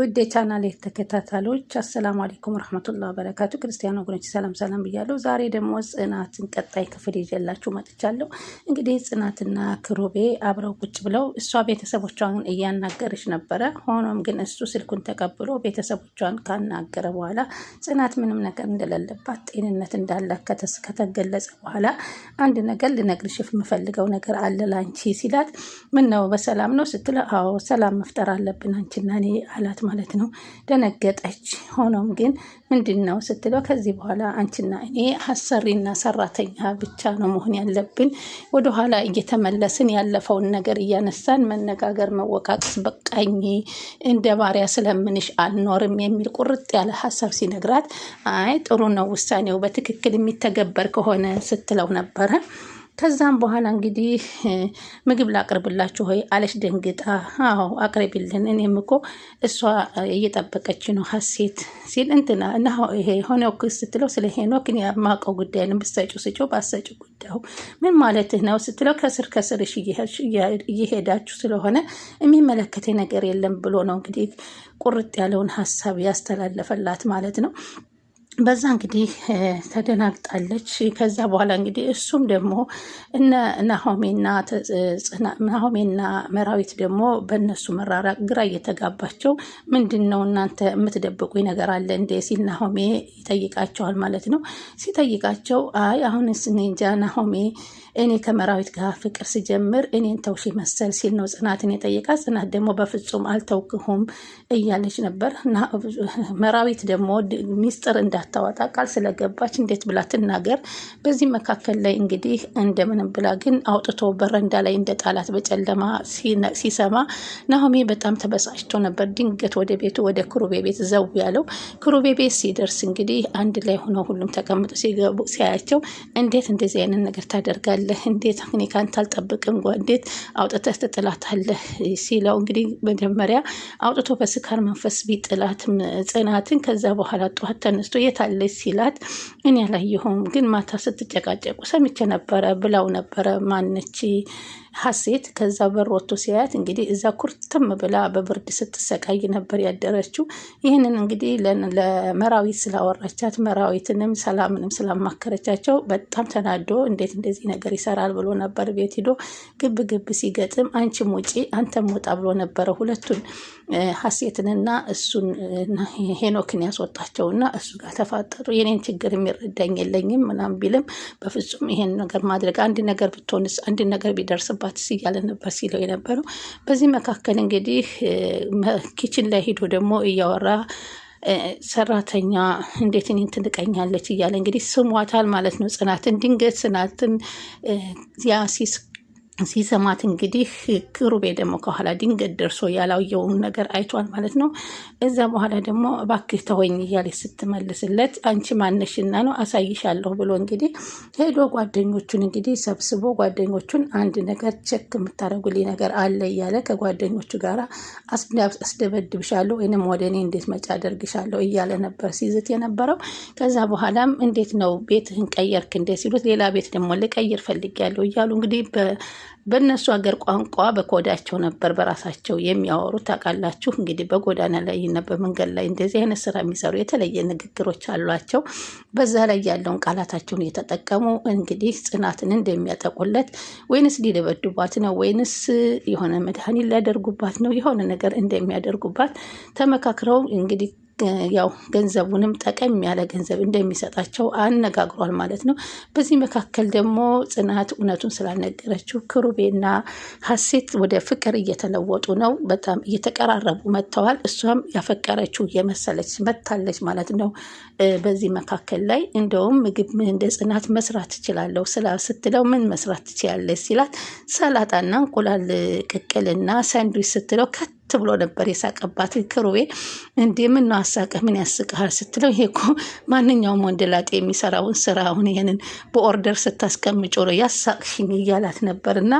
ውድ የቻናል የተከታታሎች አሰላሙ አለይኩም ረህመቱላ በረካቱ። ክርስቲያን ወገኖች ሰላም ሰላም ብያለሁ። ዛሬ ደግሞ ጽናትን ቀጣይ ክፍል ይዤላችሁ መጥቻለሁ። እንግዲህ ጽናትና ክሩቤ አብረው ቁጭ ብለው እሷ ቤተሰቦቿን እያናገረች ነበረ። ሆኖም ግን እሱ ስልኩን ተቀብሎ ቤተሰቦቿን ካናገረ በኋላ ጽናት ምንም ነገር እንደሌለባት ጤንነት እንዳላት ከተገለጸ በኋላ አንድ ነገር ልነግርሽ የምፈልገው ነገር አለ ላንቺ ሲላት፣ ምን ነው በሰላም ነው ስትለው፣ አዎ ሰላም መፍጠር አለብን አንቺና እኔ አላት። ማለት ነው። ደነገጠች። ሆኖም ግን ምንድን ነው ስትለው ከዚህ በኋላ አንቺና እኔ አሰሪና ሰራተኛ ብቻ ነው መሆን ያለብን። ወደኋላ እየተመለስን ያለፈውን ነገር እያነሳን መነጋገር፣ መወቃቀስ በቃኝ፣ እንደ ባሪያ ስለምንሽ አልኖርም የሚል ቁርጥ ያለ ሀሳብ ሲነግራት አይ ጥሩ ነው ውሳኔው በትክክል የሚተገበር ከሆነ ስትለው ነበረ። ከዛም በኋላ እንግዲህ ምግብ ላቅርብላችሁ ሆይ አለች ደንግጣ። አዎ አቅርቢልን፣ እኔም እኮ እሷ እየጠበቀች ነው ሀሴት ሲል እንትና እና ሄኖክ ስትለው ስለ ሄኖክ እኔ የማውቀው ጉዳይ ነው፣ ብትሰጪው ስጪው ባትሰጪው ጉዳዩ ምን ማለትህ ነው ስትለው ከስር ከስር እየሄዳችሁ ስለሆነ የሚመለከተኝ ነገር የለም ብሎ ነው እንግዲህ ቁርጥ ያለውን ሀሳብ ያስተላለፈላት ማለት ነው። በዛ እንግዲህ ተደናግጣለች። ከዛ በኋላ እንግዲህ እሱም ደግሞ እነ ናሆሜና መራዊት ደግሞ በእነሱ መራራቅ ግራ እየተጋባቸው ምንድን ነው እናንተ የምትደብቁ ነገር አለ እንዴ ሲል ናሆሜ ይጠይቃቸዋል ማለት ነው። ሲጠይቃቸው አይ አሁን እኔ ናሆሜ እኔ ከመራዊት ጋር ፍቅር ስጀምር እኔን ተውሽ መሰል ሲል ነው ጽናትን የጠየቃት። ጽናት ደግሞ በፍጹም አልተውክሁም እያለች ነበር። መራዊት ደግሞ ሚስጥር እንዳ እንዳታወጣ ቃል ስለገባች እንዴት ብላ ትናገር። በዚህ መካከል ላይ እንግዲህ እንደምንም ብላ ግን አውጥቶ በረንዳ ላይ እንደ ጣላት በጨለማ ሲሰማ ናሆሜ በጣም ተበሳጭቶ ነበር። ድንገት ወደ ቤቱ ወደ ክሩቤ ቤት ዘው ያለው ክሩቤ ቤት ሲደርስ እንግዲህ አንድ ላይ ሆነው ሁሉም ተቀምጦ ሲገቡ ሲያያቸው እንዴት እንደዚህ አይነት ነገር ታደርጋለህ? እንዴት እኔ ካንተ አልጠብቅም? እንዴት አውጥተህ ትጥላታለህ? ሲለው እንግዲህ መጀመሪያ አውጥቶ በስካር መንፈስ ቢጥላትም ጽናትን ከዛ በኋላ ጠዋት ተነስቶ የት አለች ሲላት እኔ አላየሁም፣ ግን ማታ ስትጨቃጨቁ ሰምቼ ነበረ ብላው ነበረ ማነች ሀሴት ከዛ በር ወጥቶ ሲያያት እንግዲህ እዛ ኩርትም ብላ በብርድ ስትሰቃይ ነበር ያደረችው። ይህንን እንግዲህ ለመራዊት ስላወራቻት መራዊትንም ሰላምንም ስላማከረቻቸው በጣም ተናዶ እንዴት እንደዚህ ነገር ይሰራል ብሎ ነበር ቤት ሂዶ ግብ ግብ ሲገጥም አንቺም ውጪ አንተም ውጣ ብሎ ነበረ ሁለቱን ሀሴትንና እሱን ሄኖክን ያስወጣቸውና እሱ ጋር ተፋጠሩ። የኔን ችግር የሚረዳኝ የለኝም ምናምን ቢልም በፍጹም ይሄን ነገር ማድረግ አንድ ነገር ብትሆንስ አንድ ነገር ቢደርስም አለባት እያለ ነበር ሲለው የነበረው። በዚህ መካከል እንግዲህ ኪችን ላይ ሄዶ ደግሞ እያወራ ሰራተኛ እንዴት እኔን ትንቀኛለች እያለ እንግዲህ ስሟታል ማለት ነው ጽናትን። ድንገት ጽናትን ያሲስ ሲሰማት እንግዲህ ክሩቤ ደግሞ ከኋላ ድንገት ደርሶ ያላየውን ነገር አይቷል ማለት ነው። እዛ በኋላ ደግሞ እባክህ ተወኝ እያለች ስትመልስለት አንቺ ማነሽና ነው አሳይሻለሁ ብሎ እንግዲህ ሄዶ ጓደኞቹን እንግዲህ ሰብስቦ ጓደኞቹን አንድ ነገር ቸክ የምታደርጉልኝ ነገር አለ እያለ ከጓደኞቹ ጋር አስደበድብሻለሁ ወይንም ወደ እኔ እንዴት መጫ አደርግሻለሁ እያለ ነበር ሲዝት የነበረው። ከዛ በኋላም እንዴት ነው ቤትህን ቀየርክ እንዴት ሲሉት ሌላ ቤት ደግሞ ልቀይር ፈልጌያለሁ እያሉ እንግዲህ በእነሱ ሀገር ቋንቋ በኮዳቸው ነበር በራሳቸው የሚያወሩት። ታውቃላችሁ እንግዲህ በጎዳና ላይ እና በመንገድ ላይ እንደዚህ አይነት ስራ የሚሰሩ የተለየ ንግግሮች አሏቸው። በዛ ላይ ያለውን ቃላታቸውን የተጠቀሙ እንግዲህ ጽናትን እንደሚያጠቁለት ወይንስ ሊደበድቧት ነው ወይንስ የሆነ መድኃኒት ሊያደርጉባት ነው የሆነ ነገር እንደሚያደርጉባት ተመካክረው እንግዲህ ያው ገንዘቡንም ጠቀም ያለ ገንዘብ እንደሚሰጣቸው አነጋግሯል ማለት ነው። በዚህ መካከል ደግሞ ጽናት እውነቱን ስላልነገረችው ክሩቤና ሀሴት ወደ ፍቅር እየተለወጡ ነው። በጣም እየተቀራረቡ መጥተዋል። እሷም ያፈቀረችው የመሰለች መታለች ማለት ነው። በዚህ መካከል ላይ እንደውም ምግብ እንደ ጽናት መስራት ትችላለሁ ስላ ስትለው ምን መስራት ትችላለች ሲላት ሰላጣና እንቁላል ቅቅልና ሳንድዊች ስትለው ከት ፍት ብሎ ነበር የሳቀባት። ክሩቤ እንዴ ምን ነው አሳቀህ? ምን ያስቅሃል ስትለው ይሄ እኮ ማንኛውም ወንደላጤ የሚሰራውን ስራ አሁን ይህንን በኦርደር ስታስቀምጮ ነው ያሳቅሽኝ እያላት ነበር። እና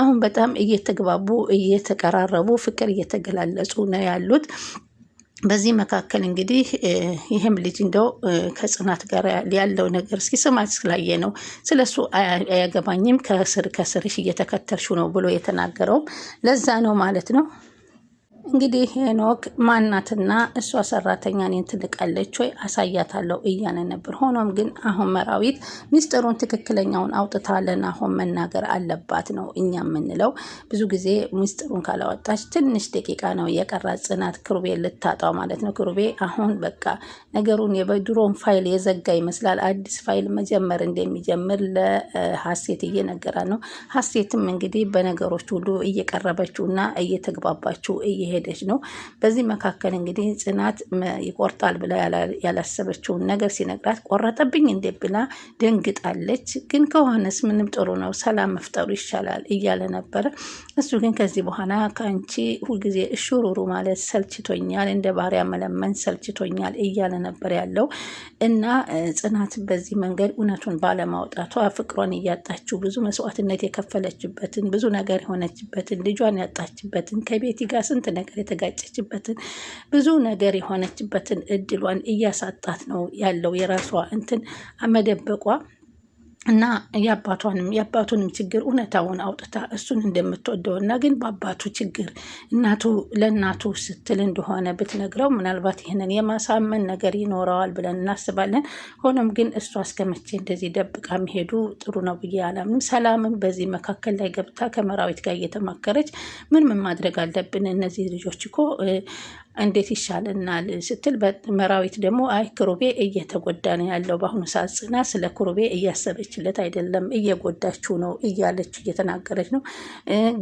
አሁን በጣም እየተግባቡ እየተቀራረቡ ፍቅር እየተገላለጹ ነው ያሉት። በዚህ መካከል እንግዲህ ይህም ልጅ እንደው ከጽናት ጋር ያለው ነገር እስኪ ስማት ስላየ ነው ስለ እሱ አያገባኝም ከስር ከስርሽ እየተከተልሹ ነው ብሎ የተናገረውም ለዛ ነው ማለት ነው። እንግዲህ ሄኖክ ማናትና እሷ ሰራተኛ እኔን ትንቃለች ወይ አሳያታለሁ እያለ ነበር። ሆኖም ግን አሁን መራዊት ሚስጥሩን ትክክለኛውን አውጥታ ለናሆም መናገር አለባት ነው እኛ የምንለው። ብዙ ጊዜ ሚስጥሩን ካላወጣች ትንሽ ደቂቃ ነው የቀራ ጽናት ክሩቤ ልታጣው ማለት ነው። ክሩቤ አሁን በቃ ነገሩን የበድሮን ፋይል የዘጋ ይመስላል። አዲስ ፋይል መጀመር እንደሚጀምር ለሀሴት እየነገራ ነው። ሀሴትም እንግዲህ በነገሮች ሁሉ እየቀረበችው እየቀረበችውና እየተግባባችው እየሄደ እየሄደች ነው። በዚህ መካከል እንግዲህ ጽናት ይቆርጣል ብላ ያላሰበችውን ነገር ሲነግራት ቆረጠብኝ እንዴ ብላ ደንግጣለች። ግን ከሆነስ ምንም ጥሩ ነው፣ ሰላም መፍጠሩ ይሻላል እያለ ነበረ። እሱ ግን ከዚህ በኋላ ከአንቺ ሁልጊዜ እሹሩሩ ማለት ሰልችቶኛል፣ እንደ ባሪያ መለመን ሰልችቶኛል እያለ ነበር ያለው እና ጽናት በዚህ መንገድ እውነቱን ባለማውጣቷ ፍቅሯን እያጣችው ብዙ መስዋዕትነት የከፈለችበትን ብዙ ነገር የሆነችበትን ልጇን ያጣችበትን ከቤቲ ጋር ስንት ነገር ነገር የተጋጨችበትን ብዙ ነገር የሆነችበትን እድሏን እያሳጣት ነው ያለው የራሷ እንትን መደበቋ እና የአባቷንም የአባቱንም ችግር እውነታውን አውጥታ እሱን እንደምትወደው እና ግን በአባቱ ችግር እናቱ ለእናቱ ስትል እንደሆነ ብትነግረው ምናልባት ይህንን የማሳመን ነገር ይኖረዋል ብለን እናስባለን። ሆኖም ግን እሱ እስከመቼ እንደዚህ ደብቃ መሄዱ ጥሩ ነው ብዬ አላምንም። ሰላምም በዚህ መካከል ላይ ገብታ ከመራዊት ጋር እየተማከረች ምን ምን ማድረግ አለብን እነዚህ ልጆች እኮ እንዴት ይሻልናል ስትል መራዊት ደግሞ አይ ክሩቤ እየተጎዳ ነው ያለው በአሁኑ ሰዓት ጽና ስለ ክሩቤ እያሰበችለት አይደለም፣ እየጎዳችው ነው እያለች እየተናገረች ነው።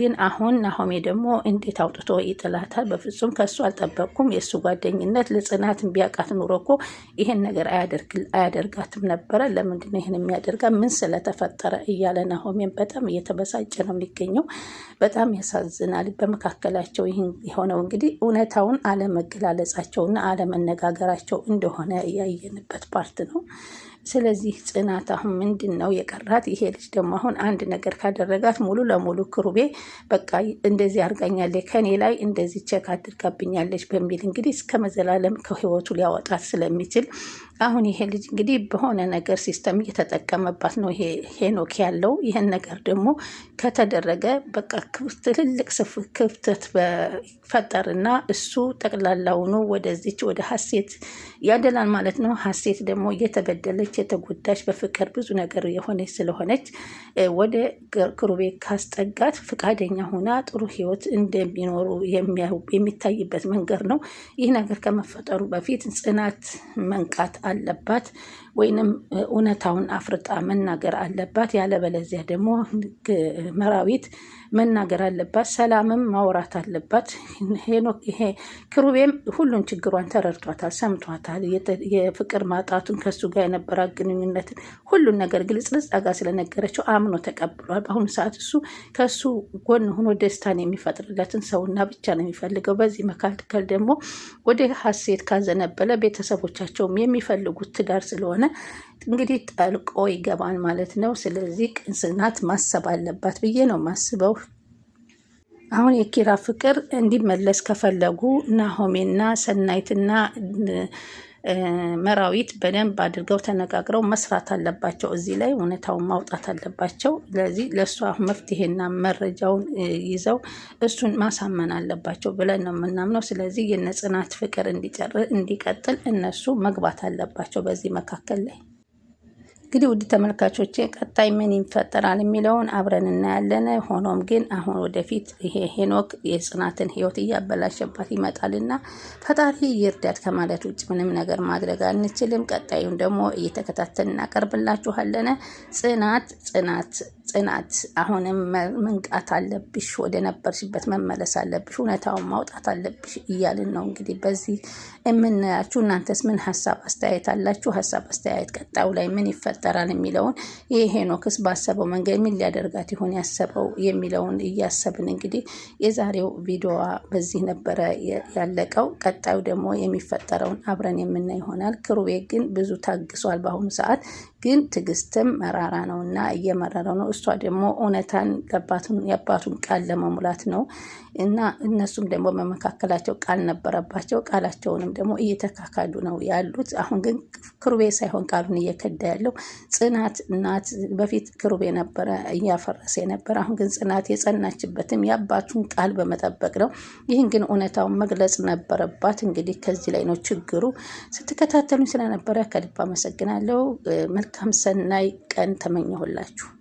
ግን አሁን ናሆሜ ደግሞ እንዴት አውጥቶ ይጥላታል? በፍጹም ከሱ አልጠበቅኩም። የእሱ ጓደኝነት ለጽናት ቢያውቃት ኑሮ እኮ ይህን ነገር አያደርጋትም ነበረ። ለምንድን ነው ይህን የሚያደርጋ? ምን ስለተፈጠረ እያለ ናሆሜን በጣም እየተበሳጨ ነው የሚገኘው። በጣም ያሳዝናል። በመካከላቸው የሆነው እንግዲህ እውነታውን አለመገላለጻቸውና አለመነጋገራቸው እንደሆነ ያየንበት ፓርት ነው። ስለዚህ ጽናት አሁን ምንድን ነው የቀራት? ይሄ ልጅ ደግሞ አሁን አንድ ነገር ካደረጋት ሙሉ ለሙሉ ክሩቤ በቃ እንደዚህ አድርጋኛለች፣ ከኔ ላይ እንደዚህ ቼክ አድርጋብኛለች በሚል እንግዲህ እስከ መዘላለም ከህይወቱ ሊያወጣት ስለሚችል አሁን ይሄ ልጅ እንግዲህ በሆነ ነገር ሲስተም እየተጠቀመባት ነው ይሄ ሄኖክ ያለው። ይህን ነገር ደግሞ ከተደረገ በቃ ትልልቅ ክፍተት በፈጠርና እሱ ጠቅላላውኑ ወደዚች ወደ ሀሴት ያደላል ማለት ነው። ሀሴት ደግሞ እየተበደለች የተጎዳች በፍቅር ብዙ ነገር የሆነች ስለሆነች ወደ ክሩቤ ካስጠጋት ፈቃደኛ ሆና ጥሩ ህይወት እንደሚኖሩ የሚታይበት መንገድ ነው። ይህ ነገር ከመፈጠሩ በፊት ጽናት መንቃት አለባት ወይንም እውነታውን አፍርጣ መናገር አለባት። ያለበለዚያ ደግሞ መራዊት መናገር አለባት። ሰላምም ማውራት አለባት። ይሄ ክሩቤም ሁሉን ችግሯን ተረድቷታል፣ ሰምቷታል። የፍቅር ማጣቱን ከሱ ጋር የነበራት ግንኙነትን ሁሉን ነገር ልጻ ጋር ስለነገረችው አምኖ ተቀብሏል። በአሁኑ ሰዓት እሱ ከሱ ጎን ሆኖ ደስታን የሚፈጥርለትን ሰውና ብቻ ነው የሚፈልገው። በዚህ መካከል ደግሞ ወደ ሀሴት ካዘነበለ ቤተሰቦቻቸውም የሚፈልጉት ትዳር ስለሆነ እንግዲህ ጠልቆ ይገባል ማለት ነው። ስለዚህ ቅን ማሰብ አለባት ብዬ ነው ማስበው አሁን የኪራ ፍቅር እንዲመለስ ከፈለጉ ናሆሜና ሰናይትና መራዊት በደንብ አድርገው ተነጋግረው መስራት አለባቸው። እዚህ ላይ እውነታውን ማውጣት አለባቸው። ስለዚህ ለእሷ መፍትሄና መረጃውን ይዘው እሱን ማሳመን አለባቸው ብለን ነው የምናምነው። ስለዚህ የነጽናት ፍቅር እንዲቀጥል እነሱ መግባት አለባቸው በዚህ መካከል ላይ እንግዲህ ውድ ተመልካቾቼ ቀጣይ ምን ይፈጠራል የሚለውን አብረን እናያለን። ሆኖም ግን አሁን ወደፊት ይሄ ሄኖክ የጽናትን ህይወት እያበላሸባት ይመጣልና ፈጣሪ ይርዳት ከማለት ውጭ ምንም ነገር ማድረግ አንችልም። ቀጣዩን ደግሞ እየተከታተል እናቀርብላችኋለን። ጽናት ጽናት ጽናት አሁንም መንቃት አለብሽ፣ ወደ ነበርሽበት መመለስ አለብሽ፣ እውነታውን ማውጣት አለብሽ እያልን ነው እንግዲህ በዚህ የምናያችሁ። እናንተስ ምን ሀሳብ አስተያየት አላችሁ? ሀሳብ አስተያየት፣ ቀጣዩ ላይ ምን ይፈጠራል የሚለውን ይህ ሄኖክስ ባሰበው መንገድ ምን ሊያደርጋት ይሆን ያሰበው የሚለውን እያሰብን እንግዲህ የዛሬው ቪዲዮዋ በዚህ ነበረ ያለቀው። ቀጣዩ ደግሞ የሚፈጠረውን አብረን የምናይ ይሆናል። ክሩቤ ግን ብዙ ታግሷል። በአሁኑ ሰዓት ግን ትዕግስትም መራራ ነው እና እየመረረው ነው እሱ እሷ ደግሞ እውነታን የአባቱን የአባቱን ቃል ለመሙላት ነው እና እነሱም ደግሞ በመካከላቸው ቃል ነበረባቸው። ቃላቸውንም ደግሞ እየተካካዱ ነው ያሉት። አሁን ግን ክሩቤ ሳይሆን ቃሉን እየከዳ ያለው ጽናት እናት። በፊት ክሩቤ ነበረ እያፈረሰ የነበረ። አሁን ግን ጽናት የጸናችበትም የአባቱን ቃል በመጠበቅ ነው። ይህን ግን እውነታውን መግለጽ ነበረባት። እንግዲህ ከዚህ ላይ ነው ችግሩ። ስትከታተሉኝ ስለነበረ ከልብ አመሰግናለሁ። መልካም ሰናይ ቀን ተመኘሁላችሁ።